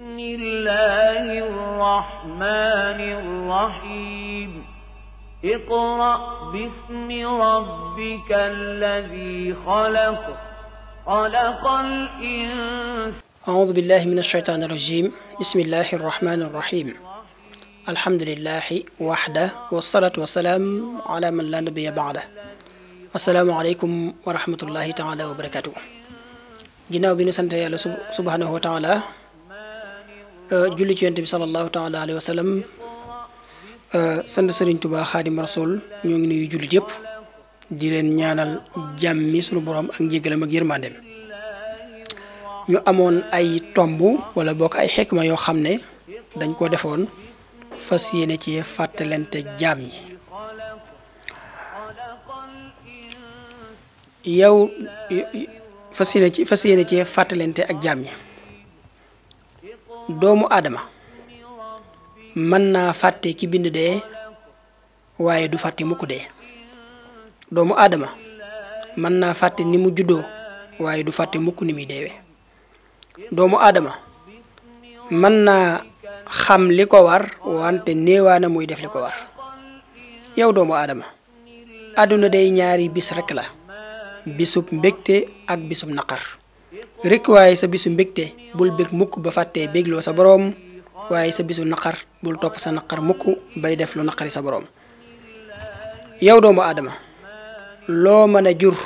بسم الله الرحمن الرحيم اقرأ باسم ربك الذي خلق خلق الإنسان أعوذ بالله من الشيطان الرجيم بسم الله الرحمن الرحيم الحمد لله وحده والصلاة والسلام على من لا نبي بعده السلام عليكم ورحمة الله تعالى وبركاته جناو bi nu sante yàlla Eh, julli ci yonte bi salallahu taala alayhi wa sallam eh, sant serigne touba khadim rasul ñoo ngi nuyu jullit jep di len ñaanal jammi suñu borom ak njégalam ak yërmandem ñu amoon ay tombu wala bok ay hikma yo xamne dañ ko defoon fas yéene ci fatelente jammi fatelente yow fasiyene ci fasiyene ci fatelente ak jammi doomu adama mën naa fàtte ki bind dee waaye du fàtte mukk dee doomu aadama mën naa fàtte ni mu juddoo waaye du fàtte mukk ni muy deewee doomu adama mën naa xam li ko war wante néewaana muy def li ko war yow doomu aadama àdduna day ñaari bis rekk la bisub mbégte ak bisub naqar rek waaye sa bisu mbégte bul bég mukk ba fàttee bégloo sa boroom waaye sa bisu naqar bul topp sa naqar mukk bay def lu naqari sa boroom yow doomu aadama loo mën a jur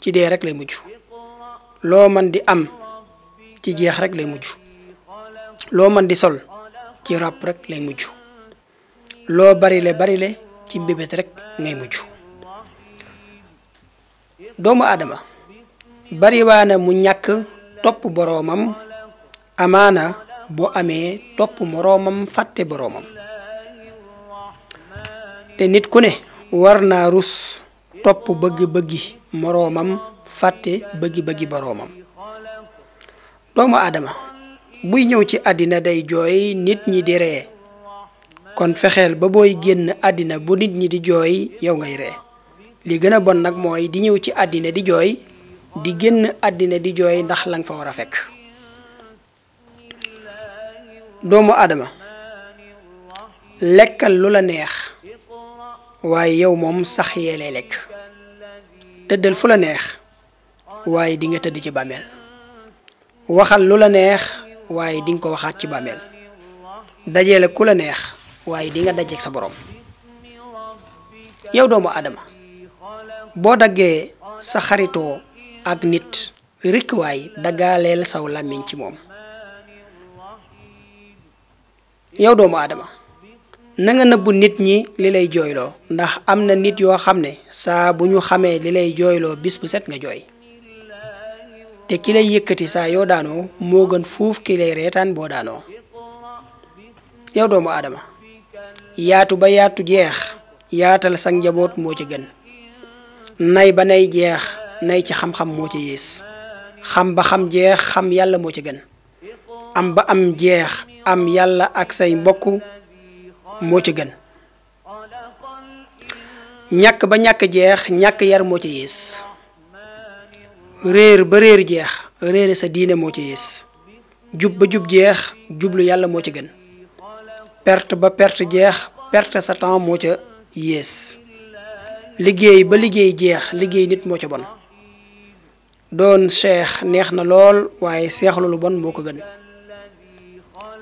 ci dee rek lay mujj loo man di am ci jeex rek lay mujj loo man di sol ci ràpp rek lay mujj loo barile barile ci mbébét rek ngay mujj doomu aadama bariwaana mu ñàkk topp boroomam amaana bu amee topp moroomam fàtte boroomam te nit ku ne war naa rus topp bëgg-bëggi moroomam fàtte bëgg-bëggi boroomam doomu aadama buy ñëw ci àddina day jooy nit ñi di ree kon fexeel ba booy génn àddina bu nit ñi di jooy yow ngay ree li gën a bon nag mooy di ñëw ci àddina di jooy di génn àddina di jooy ndax la nga fa war a fekk doomu Adama lekkal lu la neex waaye yow moom sax yee lay lekk tëddal fu la neex waaye dinga nga tëdd ci bàmmeel waxal lu la neex waaye di ko waxaat ci bàmmeel dajale ku la neex waaye di nga sa boroom yow doomu Adama boo daggee sa xaritoo ak nit rikkwaay daggaaleel saw làmmiñ ci moom yow doomu aadama na nga nëbbu nit ñi li lay jooyloo ndax am na nit yoo xam ne saa bu ñu xamee li lay jooyloo bis bu set nga jooy te ki lay yëkkati saa yoo daanoo moo gën fuuf ki lay reetaan boo daanoo yow doomu aadama yaatu ba yaatu jeex yaatal sa njaboot moo ci gën nay ba nay jeex nay ci xam-xam moo ci yées xam ba xam jeex xam yàlla moo ci gën am ba am jeex am yàlla ak say mbokk moo ci gën ñàkk ba ñàkk jeex ñàkk yar moo ci yées réer ba réer jeex réere sa diine moo ci yées jub ba jub jeex jublu yàlla moo ci gën perte ba perte jeex perte sa temps moo ca yées liggéey ba liggéey jeex liggéey nit moo ca bon doon seex neex na lool waaye seexlu bon moo ko gën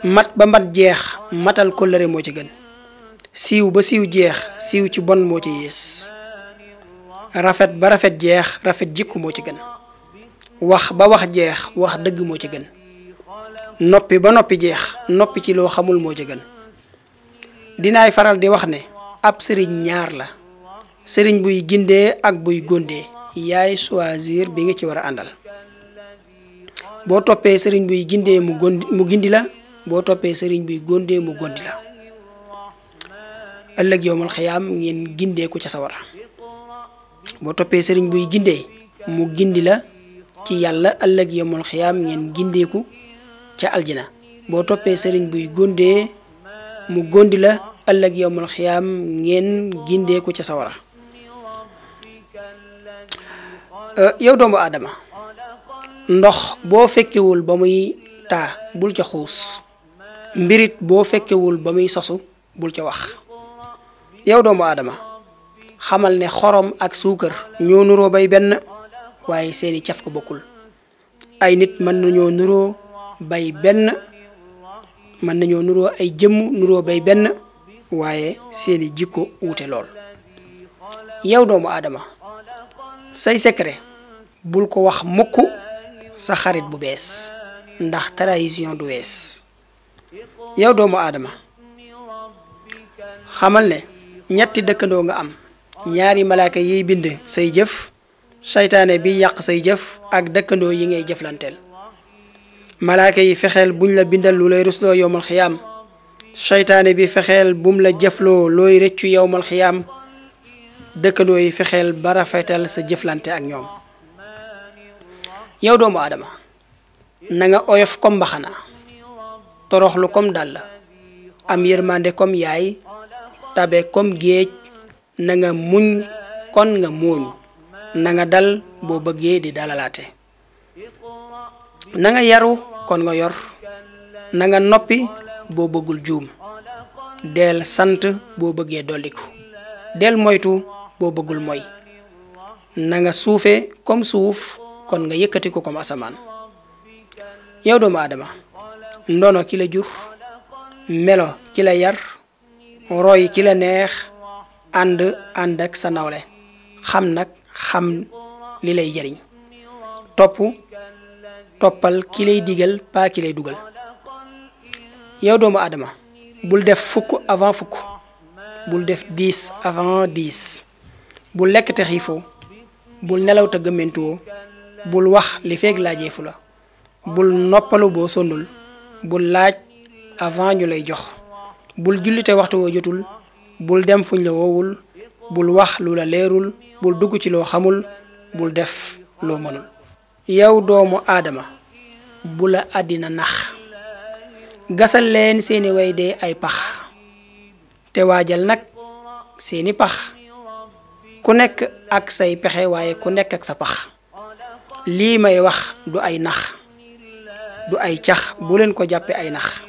mat ba mat jeex matal kóllëre moo ci gën siiw ba siiw jeex siiw ci bon moo ci yées rafet ba rafet jeex rafet jikku moo ci gën wax ba wax jeex wax dëgg moo ci gën noppi ba noppi jeex noppi ci loo xamul moo ci gën dinaay faral di wax ne ab sëriñ ñaar la sëriñ buy gindee ak buy góndee yaay choisir bi nga ci war a àndal boo toppee sëriñ buy gindee mu gondi mu gindi la boo toppee sëriñ buy gondee mu gondi la ëllëg yowmal xiyaam ngeen gindee ko ca sawara boo toppee sëriñ buy gindee mu gindi la ci yàlla ëllëg yowmal xiyaam ngeen ko ca aljina boo toppee sëriñ buy gondee mu gondi la ëllëg yowmal xiyaam ngeen gindee ko ca sawara Euh, yow doomu adama ndox boo fekkewul ba muy taa bul ca xuus mbirit boo fekkewul ba muy sosu bul ca wax yow doomu aadama xamal ne xorom ak suukar ñoo nuroo bay benn waaye seeni caf ko bokkul ay nit mën nañoo nuroo mën nañoo nuroo ay jëmm nuroo bay benn waaye seeni jikko wuute lool yow doomu aadama say secret bul ko wax mukk sa xarit bu bees ndax trahison du wees yow doomu aadama xamal ne ñetti dëkkandoo nga am ñaari malaaka yiy bind say jëf saytaane bi yàq say jëf ak dëkkandoo yi ngay jëflanteel malaaka yi fexeel buñ la bindal lu lay rusloo yowmal xiyaam seytaane bi fexeel bum la jëfloo looy rëccu yowmal xiyaam dëkkandoo yi fexeel ba rafetal sa jëflante ak ñoom yow doomu adama nanga oyof comme mbaxana toroxlu comme dàll am yërmande comme yaay tabe comme géej nanga nga muñ kon nga muuñ na nga dal boo bëggee di dalalaate na nga yaru kon nga yor na nga noppi boo bëggul juum del sant boo bëggee dolliku del moytu boo bëggul moy na nga comme suuf kon nga yëkkati ko comme asamaan yow doomu aadama ndono ki la jur melo ki la yar roy ki la neex ànd ànd ak sa nawle xam nag xam li lay jariñ topp toppal ki lay digal paa ki lay dugal yow doomu aadama bul def fukk avant fukk bul def dix avant dix bu lekk te xiifoo bul nelaw te gëmmentuwoo bul wax li feeg laajeefu la bul noppalu boo sonnul bul laaj avant ñu lay jox bul jullite waxtu woo jotul bul dem fuñ la woowul bul wax lu la leerul bul dugg ci loo xamul bul def loo mënul yow doomu aadama bu la àddina nax gasal leen seeni way dee ay pax te waajal nag seeni pax ku nekk ak say pexe waaye ku nekk ak sa pax lima may wax du ay nax du ay tiax bu len ko sul ay nax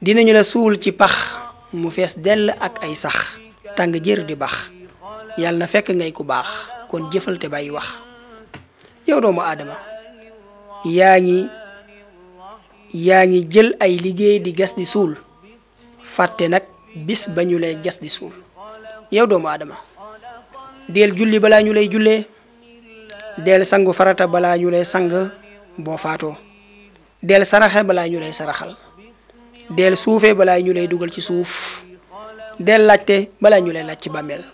dinañu la suul ci pax mu fess del ak ay sax tang jeer di bax yàlla fekk ngay ku bax kon jëfal te wax yow doomu adama yaangi ngi jël ay liggéey di gas di sul fàtte nag bis bañu lay gas di suul yow doomu adama del julli bala ñu lay jullee del sangu farata balaa ñu lay sang boo faatoo dell saraxe balaa ñu lay saraxal del suufe balaa ñu lay dugal ci suuf del laajte balaa ñu lay laaj ci bàmmeel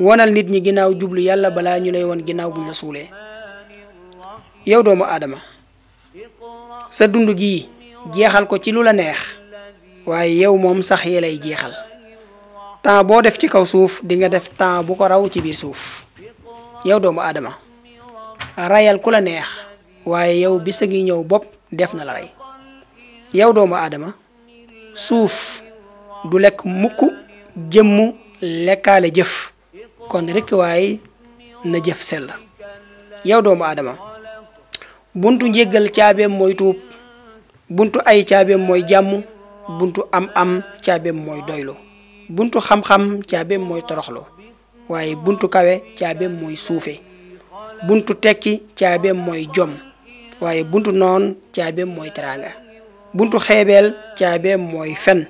wonal nit ñi ginnaaw jublu yàlla balaa ñu lay won ginnaaw bu la suulee yow doomu aadama sa dund gi jeexal ko ci lu la neex waaye yow moom sax yi lay jeexal temps boo def ci kaw suuf dinga def temps bu ko raw ci biir suuf yow doomu aadama rayal ku la neex waaye yow bisa ngi ñëw bopp def na la rey yow doomu aadama suuf du lekk mukk jëmm lekkaale jëf kon rekk waaye na jëf sell yow doomu aadama buntu njéggal caabeem mooy tuub buntu ay caabeem mooy jàmm buntu am-am caabeem mooy doylu buntu xam-xam caabeem mooy toroxlu waaye buntu kawe caabeem mooy suufe buntu teki caabeem mooy jom waaye buntu noon caabeem mooy teranga buntu xebel caabeem mooy fen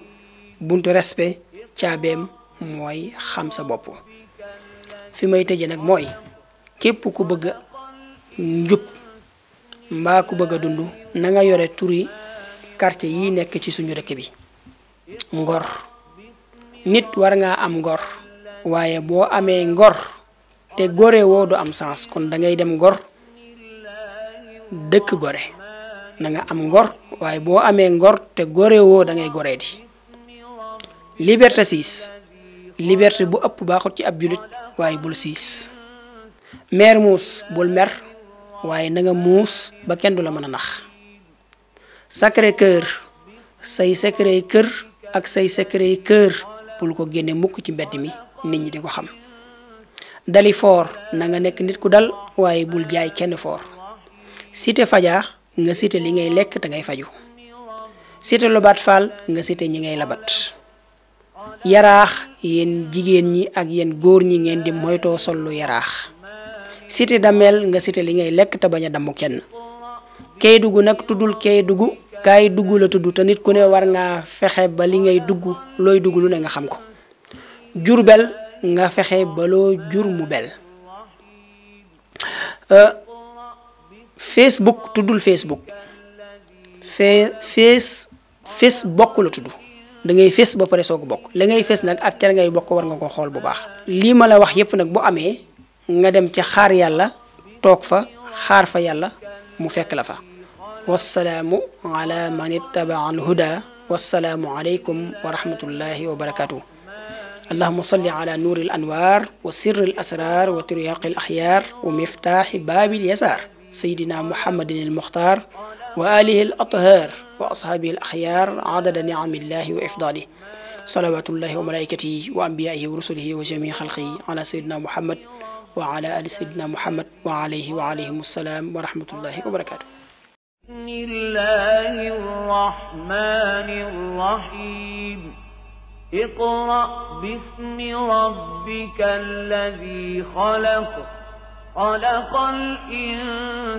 buntu respect caabeem mooy xam sa bop fi may teje nak mooy kep ku bëgg njub mbaa ku bëgg dundu na nga yore turi quartier yi nek ci suñu rek bi ngor nit war nga am ngor waaye boo amé ngor te gore wo do am sens kon da ngay dem gor dekk gore na nga am gor waye bo amé gor te gore wo da ngay goree di liberté 6 liberté bu upp baaxut ci ab julit waye bul 6 mer mus bul mer waye na nga muus ba kenn dula mëna nax sacré cœur say secret cœur ak say secret cœur pour ko génne mukk ci mbéddi mi nit ñi di ko xam dali for na nga nek nit ku dal waye bul jaay kenn for cité faja nga cité li ngay lek da ngay faju cité bat fal, nga cité ñi ngay labat yarax yéen jigen ñi ak yen góor ñi ngeen di moyto sol yarax cité damel nga cité li ngay lek ta baña damu kenn kay dugu nak tudul kay dugg kay dugg la tudd te nit ku ne war nga fexé ba li ngay loy lu ne nga xam ko jurbel nga fexe ba lo jur mu bel facebook tudul facebook fe fees fees bokku la tudu da ngay fees ba pare soog bokk la ngay fees nak ak ca ngay bokk war nga ko xol bu baax li ma la wax yépp nak bu amé nga dem ci xaar yàlla tok fa xaar fa yàlla mu fekk la fa والسلام على من اتبع الهدى والسلام عليكم ورحمه الله وبركاته اللهم صل على نور الأنوار وسر الأسرار وترياق الأخيار ومفتاح باب اليسار سيدنا محمد المختار وآله الأطهار وأصحابه الأخيار عدد نعم الله وإفضاله صلوات الله وملائكته وأنبيائه ورسله وجميع خلقه على سيدنا محمد وعلى آل سيدنا محمد وعليه وعليهم السلام ورحمة الله وبركاته بسم الله الرحمن الرحيم اقرأ باسم ربك الذي خلق خلق الإنسان